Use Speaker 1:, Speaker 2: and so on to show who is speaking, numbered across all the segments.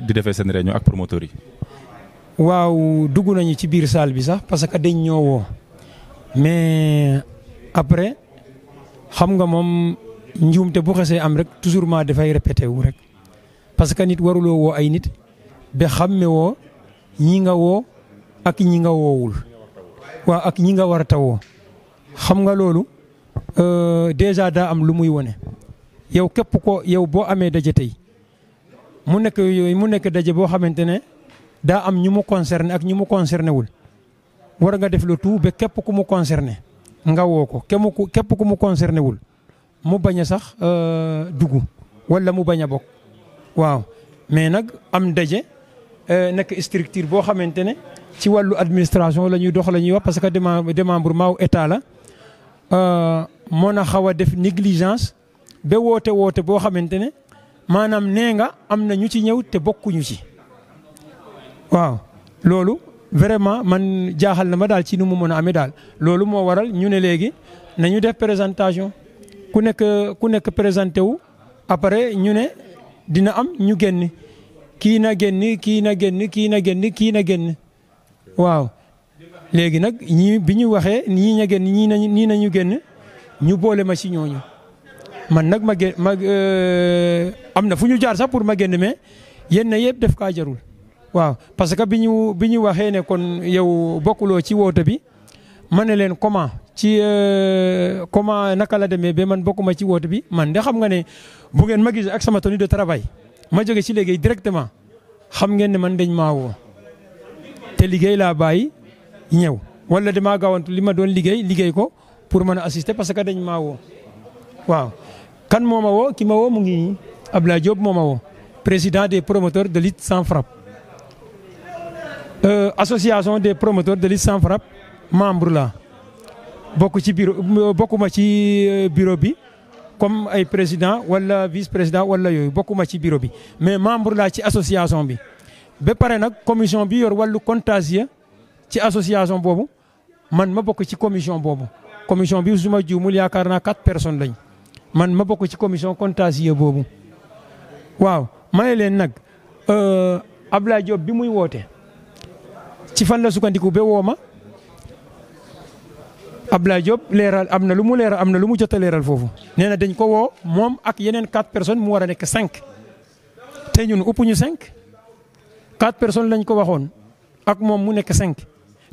Speaker 1: di defee seen réunion ak promoteurs yi. waaw dugg nañu ci biir saal bi sax parce que dañ ñoo woo mais après xam nga moom njuumte bu xasee am rek toujours maa dafay répété wu rek parce que nit waruloo woo ay nit ba xàmme woo ñi nga woo ak ñi nga woowul waaw ak ñi nga war a tawoo xam nga loolu euh, déjà daa am lu muy wone yow képp ko yow boo amee daje tey mu nekk yooyu mu nekk daje boo xamante ne daa am ñu mu concerné ak ñu mu concerné wul war nga def le tout ba képp ku mu concerné nga woo ko képp ku mu concerné wul mu bañ a sax euh, dugg wala mu bañ a bokk waaw mais nag am daje euh, nekk structure boo xamante ne ci wàllu administration la ñuy dox la ñuy wax parce que démembrement wu état la euh, moo na xaw a def négligence ba woote woote boo xamante ne maanaam nee nga am na ñu ci ñëw te bokkuñu ci waaw loolu vraiment man jaaxal na ma daal ci nu mu mën a amee daal loolu moo waral ñu ne léegi nañu def présentation ku nekk ku nekk présenté wu après ñu ne dina am ñu génn kii na génn kii na génn kii na génn kii na génn waaw léegi nag ñii bi ñu waxee ñii na génn ñii nañu ñii nañu génn ñu boole ma ci ñooñu man nag ma génn ma euh, am na fu ñu jaar sax pour ma génn mais yenn yëpp def kaa jarul waaw parce que bi ñu bi ñu waxee ne kon yow bokkuloo ci woote bi ma ne leen comment ci euh, comment naka la demee ba man bokkuma ci woote bi man de xam nga ne bu ngeen ma gis ak sama tenue de travail ma jóge ci liggéey directement xam ngeen ne man dañ maa woo te liggéey laa bàyyi ñëw wala damaa gaawantu li ma doon liggéey liggéey ko pour mën a assister parce que dañ maa woo waaw. kan moo ma woo ki ma woo mu ngi nii Abdoulaye Diop moo woo président des promoteurs de lutte sans frappe euh, association des promoteurs de lutte sans frappe membre la bokk ci bureau bokkuma ci euh, bureau bi comme ay président wala vice président wala yooyu bokkuma ci buro bi mais membre laa ci association bi ba pare nag commission bi yor wàllu contagieux ci association boobu man ma bokk ci commission boobu commission bi su ma juumul yaakaar naa quatre personnes lañ man ma bokk ci commission contagieuse boobu waaw ma ne leen nag euh, Abdoulaye Diop bi muy woote ci fan la sukkandiku be woo ma Abdoulaye Diop leeral am na lu mu leeral am na lu mu jot leeral foofu nee na dañ ko woo moom ak yeneen quatre personnes mu war a nekk cinq te ñun ëpp ñu cinq quatre personnes lañ ko waxoon ak moom mu nekk cinq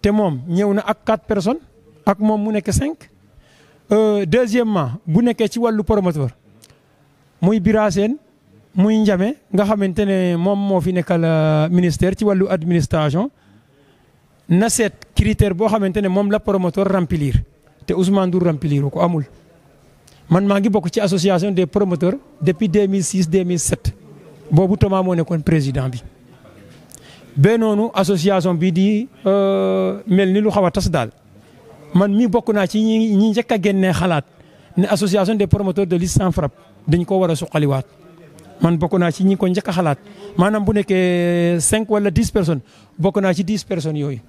Speaker 1: te moom ñëw na ak quatre personnes ak moom mu nekk cinq. Euh, deuxièmement bu nekkee ci wàllu promoteur muy Biraseen muy Njame nga xamante ne moom moo fi nekkal euh, ministère ci wàllu administration na set critère boo xamante ne moom la promoteur remplir te Ousmane Ndour ko amul. man maa ngi bokk ci association des promoteurs depuis 2006 2007 boobu Thomas moo nekkoon président bi ba noonu association bi di euh, mel ni lu xaw a tas daal. man mii bokk naa ci ñi ñi njëkk a génnee xalaat ne association des promoteurs de lutte sans frappe dañ ko war a suqaliwaat man bokk naa ci ñi ko njëkk a xalaat maanaam bu nekkee cinq wala dix personnes bokk naa ci dix personnes yooyu.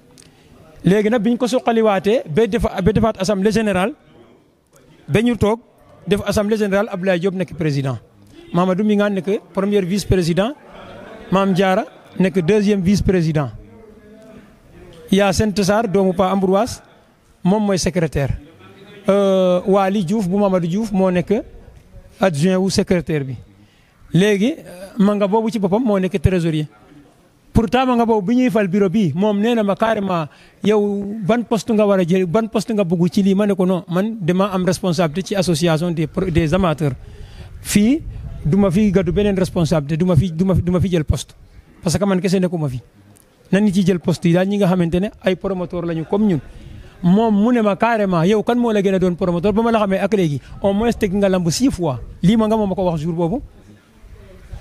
Speaker 1: léegi nag biñ ko suqaliwaatee ba defa ba defaat assemblée général ba ñu toog def assemblée générale Abdoulaye Diop nekk président Mamadou mi nga nekk premier vice président maam Diarra nekk deuxième vice président. yaa sent Sarr doomu Pa Ambroise moom mooy secrétaire euh, waali Diouf bu Mamadou Diouf moo nekk adjoint wu secrétaire bi léegi euh, manga boobu ci boppam moo nekk trésorier pourtant manga boobu bi ñuy fal bureau bi moom nee na ma carrément yow ban poste nga war a jël ban poste nga bëgg ci lii ma ne ko man dama am responsabilité ci association des des amateurs fii du ma fi gàddu beneen responsabilité du ma fi du ma du ma fi jël post parce que man kese nekkuma fi nan ci jël poste yi daal ñi nga xamante ne ay promoteur lañu comme ñun. moom mu ne ma carrément yow kan moo la gën doon promoteur ba ma la xamee ak léegi au moins teg nga lamb six fois lii ma nga moom ma ko wax jour boobu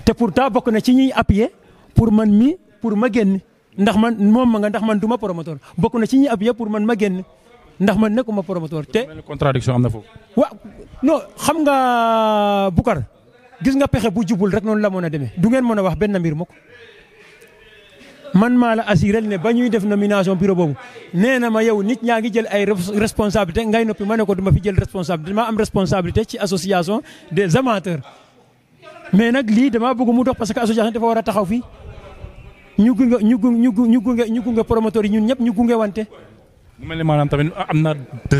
Speaker 1: te pourtant bokk na ci ñuy appuyer pour man mii pour ma génn ndax man moom ma nga ndax man du ma promoteur bokk na ci ñuy appuyer pour man ma génn ndax man nekkuma promoteur te. contradiction am na foofu. waaw non xam nga Boucar gis nga pexe bu jubul rek noonu la mën a demee du ngeen mën a wax benn mbir mukk man maa la assuré ne ba ñuy def nomination bureau boobu nee na ma yow nit ñaa ngi jël ay responsabilité ngay noppi ma ne ko duma fi jël responsabilité dama am responsabilité ci association des amateurs. mais nag lii damaa bëgg mu dox parce que association dafa war a taxaw fii ñu gu ñu gu ñu gunge ñu gunge promoteur yi ñun ñëpp ñu gunge wante. mu mel ni maanaam tamit am na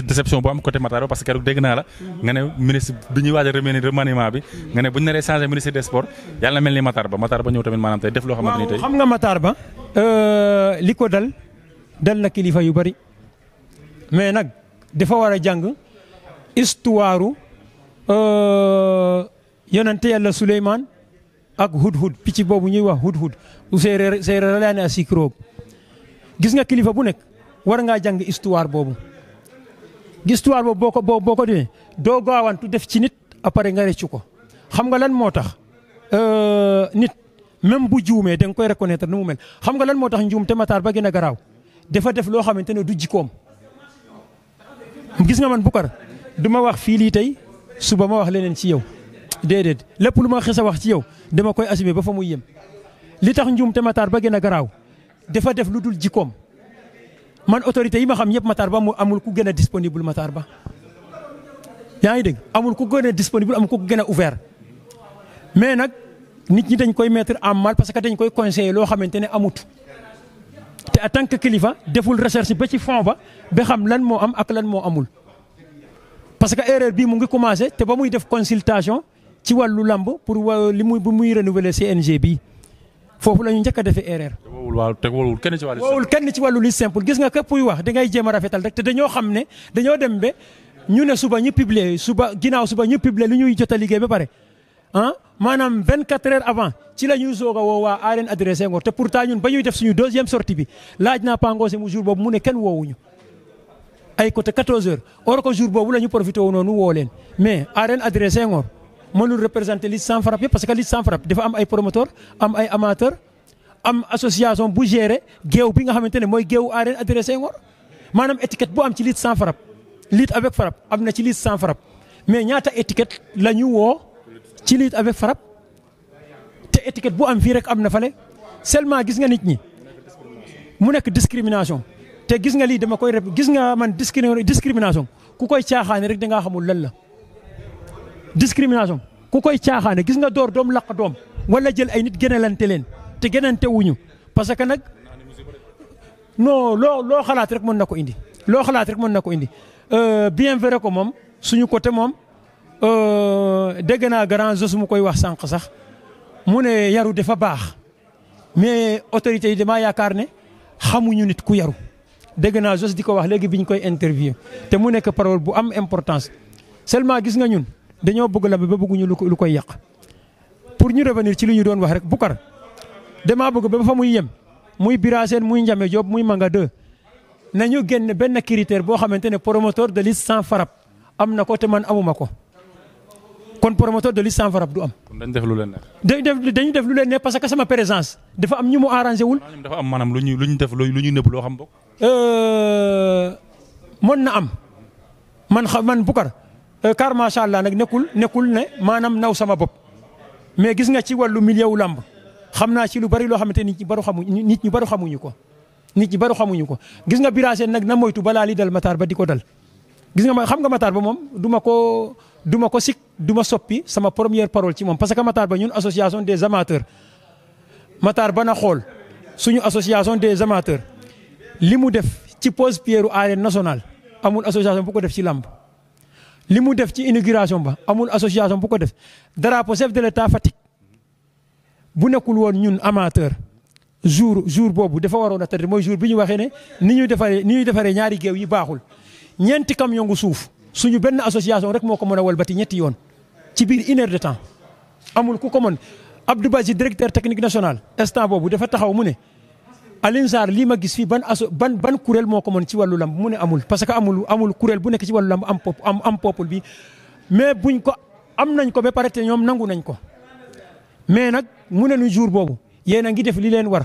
Speaker 1: déception bu am côté Matar parce que keroog dégg naa la mhm. nga ne ministre bi ñuy waaj a remaniement bi mhm. nga ne bu ñu naree changé ministre des sports yàlla na mel ni Matar Ba Matar Ba ñëw tamit maanaam tey def loo xamante ni tey. xam nga Matar Ba euh, li ko dal dal na kilifa yu bari mais nag dafa war a jàng histoire euh, yonante yàlla Souleymane ak hudhud picc boobu ñuy wax hudhud u séeréer séeréer la ne a sikiroob gis nga kilifa bu nekk. war ngaa jàng histoire boobu histoire boobu boo ko boo ko defee doo gaawantu def ci nit après nga rëccu ko xam nga lan moo tax euh, nit même bu juumee da nga koy reconnaître nu mu mel xam nga lan moo tax njuum te mataar ba gën a garaaw dafa def loo xamante ne du jikkoom gis nga man Boucar du ma wax fii lii tey suba ma wax leneen ci yow déedéet lépp lu ma xës a wax ci yow dama koy assumer ba fa muy yem li tax njuum te mataar ba gën a garaaw dafa def lu dul jikkoom man autorité yi ma xam ñëpp Matar Ba mu amul ku gën a disponible Matar Ba yaa ngi dégg amul ku gën a disponible amul ku gën a ouvert mais nag nit ñi dañ koy mettre en mal parce que dañ koy conseiller loo xamante ne amut. te en tant que kilifa deful recherche ba ci fond ba ba xam lan moo am ak lan moo amul parce que erreur bi mu ngi commencé te ba muy def consultation ci wàllu làmb pour li muy ba muy renouveler CNG bi foofu la ñu njëkk a defee erreur. teguwul waaw teguwul kenn ci wàllu. wowul kenn ci wàllu lutte simple gis nga képp kuy wax dangay jéem a rek te dañoo xam ne dañoo dem ba ñu ne suba ñu publier suba ginnaaw suba ñu publier lu ñuy jot a liggéey ba pare ah maanaam 24 heures avant ci la ñuy soog a woo waa arène adressé ngor te pourtant ñun ba ñuy def suñu deuxième sortie bi laaj na Pangosé mu jour boobu mu ne kenn woowuñu ay côté 14 heures or que jour boobu la ñu profité wu noonu woo leen mais arène adressé ngor mënul représenté lutte sans frappe parce que lutte sans dafa am ay promoteur am ay amateur am association bu géré géew bi nga xamante ne mooy géewu arène adressé ngor maanaam étiquette bu am ci lutte sans frappe lutte avec frappe am na ci lutte sans frappe mais ñaata étiquette la ñu woo ci lutte avec frappe te étiquette bu am fii rek am na fale seulement gis nga nit ñi mu nekk discrimination te gis nga lii dama koy gis nga man discrimination ku koy caaxaane rek da ngaa xamul lan la discrimination ku koy caaxaane gis nga door doom laq doom wala jël ay nit gënalante leen te gënante tewuñu parce que nag non loo loo xalaat rek mën na ko indi. loo xalaat rek mën na ko indi euh, bien vrai que moom suñu côté moom euh, dégg naa grand Zoss mu koy wax sànq sax mu ne yaru dafa baax mais autorités yi damaa yaakaar ne xamuñu nit ku yaru. dégg naa Zoss di ko wax léegi bi ñu koy interview te mu nekk parole bu am importance seulement gis nga ñun dañoo bëgg lamb ba bëgguñu lu koy yàq pour ñu revenir ci li ñu doon wax rek Boucar damaa bëgg ba fa muy yem muy Birasène muy Ndiame Diop muy Manga 2 nañu génn benn critère boo xamante ne promoteur de liste sans farab am na ko te man amuma ko kon promoteur de liste sans farab du am. kon dañu def lu leen ne. dañu def lu leen ne parce que sama présence dafa am ñu mu arrangé wul. dafa am maanaam lu ñu lu ñu def lu ñu nëbb loo xam bokk. Euh, mën na am man xam man Boucar euh, car allah nag nekkul nekkul ne maanaam naw sama bopp mais gis nga ci wàllu milieu wu làmb xam naa ci lu bari loo xamante nit ñi baru xamuñu nit ñi baru xamuñu ko nit ñi baru xamuñu ko gis nga Bira nag na moytu balaa li dal Matar Ba di ko dal gis nga ma xam nga Matar Ba moom duma ko du ma ko sik du ma soppi sama première parole ci moom parce que Matar Ba ñun association des amateurs Matar Ba na xool suñu association des amateurs li mu def ci pose pierre u national amul association bu ko def ci làmb li mu def ci inauguration ba amul association bu ko def drapeau chef bu nekkul woon ñun amateur jour jour boobu dafa waroon a mooy jour bi ñu waxee ne ni ñuy defaree ni ñuy defaree ñaari géew yi baaxul ñeenti camion gu suuf suñu benn association rek moo ko mën a walbati ñetti yoon ci biir une temps amul ku ko mën Abdou Badji directeur technique national instant boobu dafa taxaw mu ne Alioune Sarr lii ma gis fii ban aso ban ban kuréel moo ko mën ci wàllu lamb mu ne amul parce que amul amul kuréel bu nekk ci wàllu lamb am pop am am peuple bi mais buñ ko am nañ ko ba pare te ñoom nangu nañ ko mu ne nu jour boobu yéen a ngi def li leen war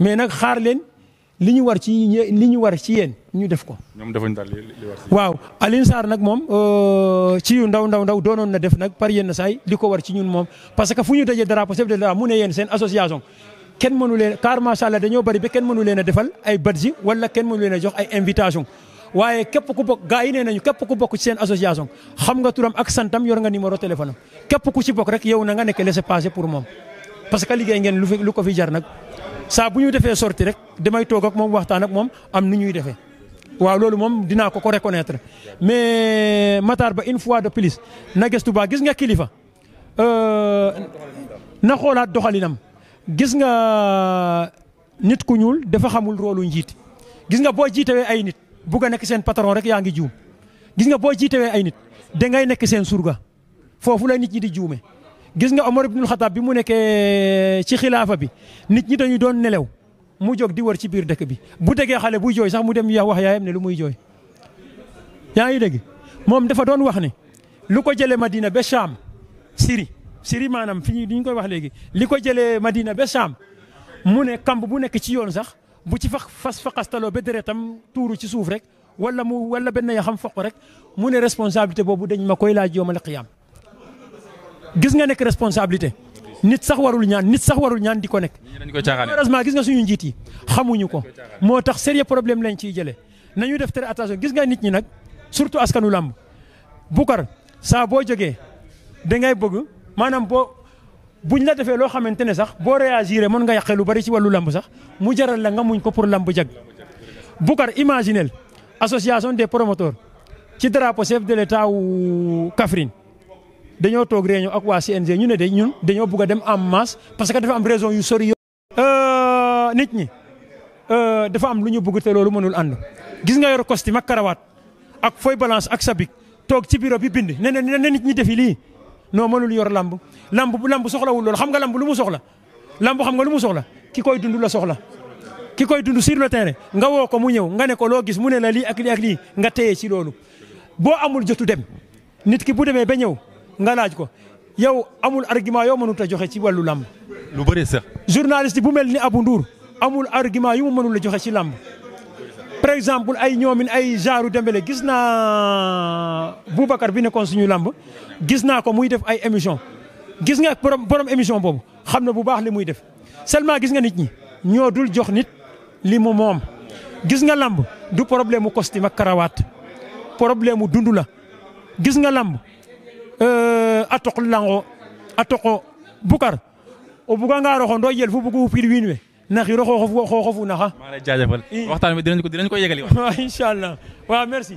Speaker 1: mais nag xaar leen li ñu war ci li ñu war ci yéen ñu def ko. ñoom defuñ daal li war waaw Alioune Sarr nag moom euh, ci yu ndaw ndaw ndaw doonoon na def nag par yenn saay li ko war ci ñun moom parce que fu ñu dajee drapeau chef de l'État mu ne yéen seen association. kenn mënu leen car macha allah dañoo bari ba kenn mënu leen a defal ay badge wala kenn mënu leen a jox ay invitation waaye képp ku bokk gaa yi ne nañu képp ku bokk ci seen association xam nga turam ak santam yor nga numéro téléphone am képp ku ci bokk rek yow na nga nekk laisser passer pour moom. parce que liggéey ngeen lu fi ko fi jar nag saa bu ñu defee sorti rek demay toog ak moom waxtaan ak moom am nu ñuy defee waaw loolu moom dinaa ko ko reconnaître mais Matar Ba une fois de plus na gëstu ba gis nga kilifa euh, na xoolaat doxalinam gis nga nit ku ñuul dafa xamul rôle njiit gis nga boo jiitewee ay nit. bugg a nekk seen pataron rek yaa ngi juum gis nga boo jiitewee ay nit dangay nekk seen surga foofu la nit ñi di juume gis nga Omar ibnul Xataab bi mu nekkee ci xilaafa bi nit ñi dañu doon nelew mu jóg di wër ci biir dëkk bi bu degee xale buy jooy sax mu dem ya wax yaayam ne lu muy jooy yaa ngi dégg moom dafa doon wax ni lu ko jëlee Madina ba Cham Syrie Syrie maanaam fi ñu koy wax léegi li ko jëlee Madina ba Cham mu ne kamb bu nekk ci yoon sax bu ci fax fas faqastaloo ba deretam tuuru ci suuf rek wala mu wala benn ya xam foq rek mu ne responsabilité boobu dañ ma koy laaj yoomal qiyaam gis nga nekk responsabilité nit sax warul ñaan nit sax warul ñaan di ko nekk. heureusement gis nga suñu njiit yi xamuñu ko. moo tax sérieux problème lañ ciy jëlee nañu def très attention gis nga nit ñi nag surtout askanu làmb Bukar saa boo jógee da ngay bëgg buñ la defee loo xamante ne sax boo réagiré mën nga yàqe lu bari ci wàllu lamb sax mu jaral la nga muñ ko pour lamb jag Boucar imaginel association des promoteurs ci drapeau chef de l'état wu Kaffrine dañoo toog réunion ak waa CNG ñu ne de ñun dañoo bugg a dem en masse parce que dafa am raison yu sori yoo. Euh, nit ñi euh, dafa am lu ñu bugg te loolu mënul ànd gis nga yor costume ak karawaat ak fooy balance ak sabik toog ci biiro bi bind ne ne nit ñi defi lii. non mënul yor lamb lamb bu lamb soxlawul loolu xam nga lamb lu mu soxla lamb xam nga lu mu soxla ki koy dund la soxla ki koy dund sur le terrain nga woo ko mu ñëw nga ne ko loo gis mu ne la lii ak lii ak nga téye ci loolu boo amul jotu dem nit ki bu demee ba ñëw nga laaj ko yow amul argument yoo mënut a joxe ci wàllu làmb lu bëri sax journaliste bu mel ni Abou amul argument yu mu mënul a joxe ci làmb par exemple ay ñoomin ay genre Dembélé gis naa Boubacar bi nekkoon suñu làmb gis naa ko muy def ay émission gis nga borom borom émission boobu xam na bu baax li muy def seulement gis nga nit ñi ñoo dul jox nit li mu moom gis nga làmb du problème mu costume ak karawaat problème mu dund la gis nga làmb euh, a toq lango a toqo bukar o buga nga roxo ndo yel fu bugu upir wiin we nax yi roxoo xoofu xoofu naxa. maa ngi lay jaajëfal waxtaan bi dinañ ko dinañ ko yëgali. waaw incha allah waaw merci.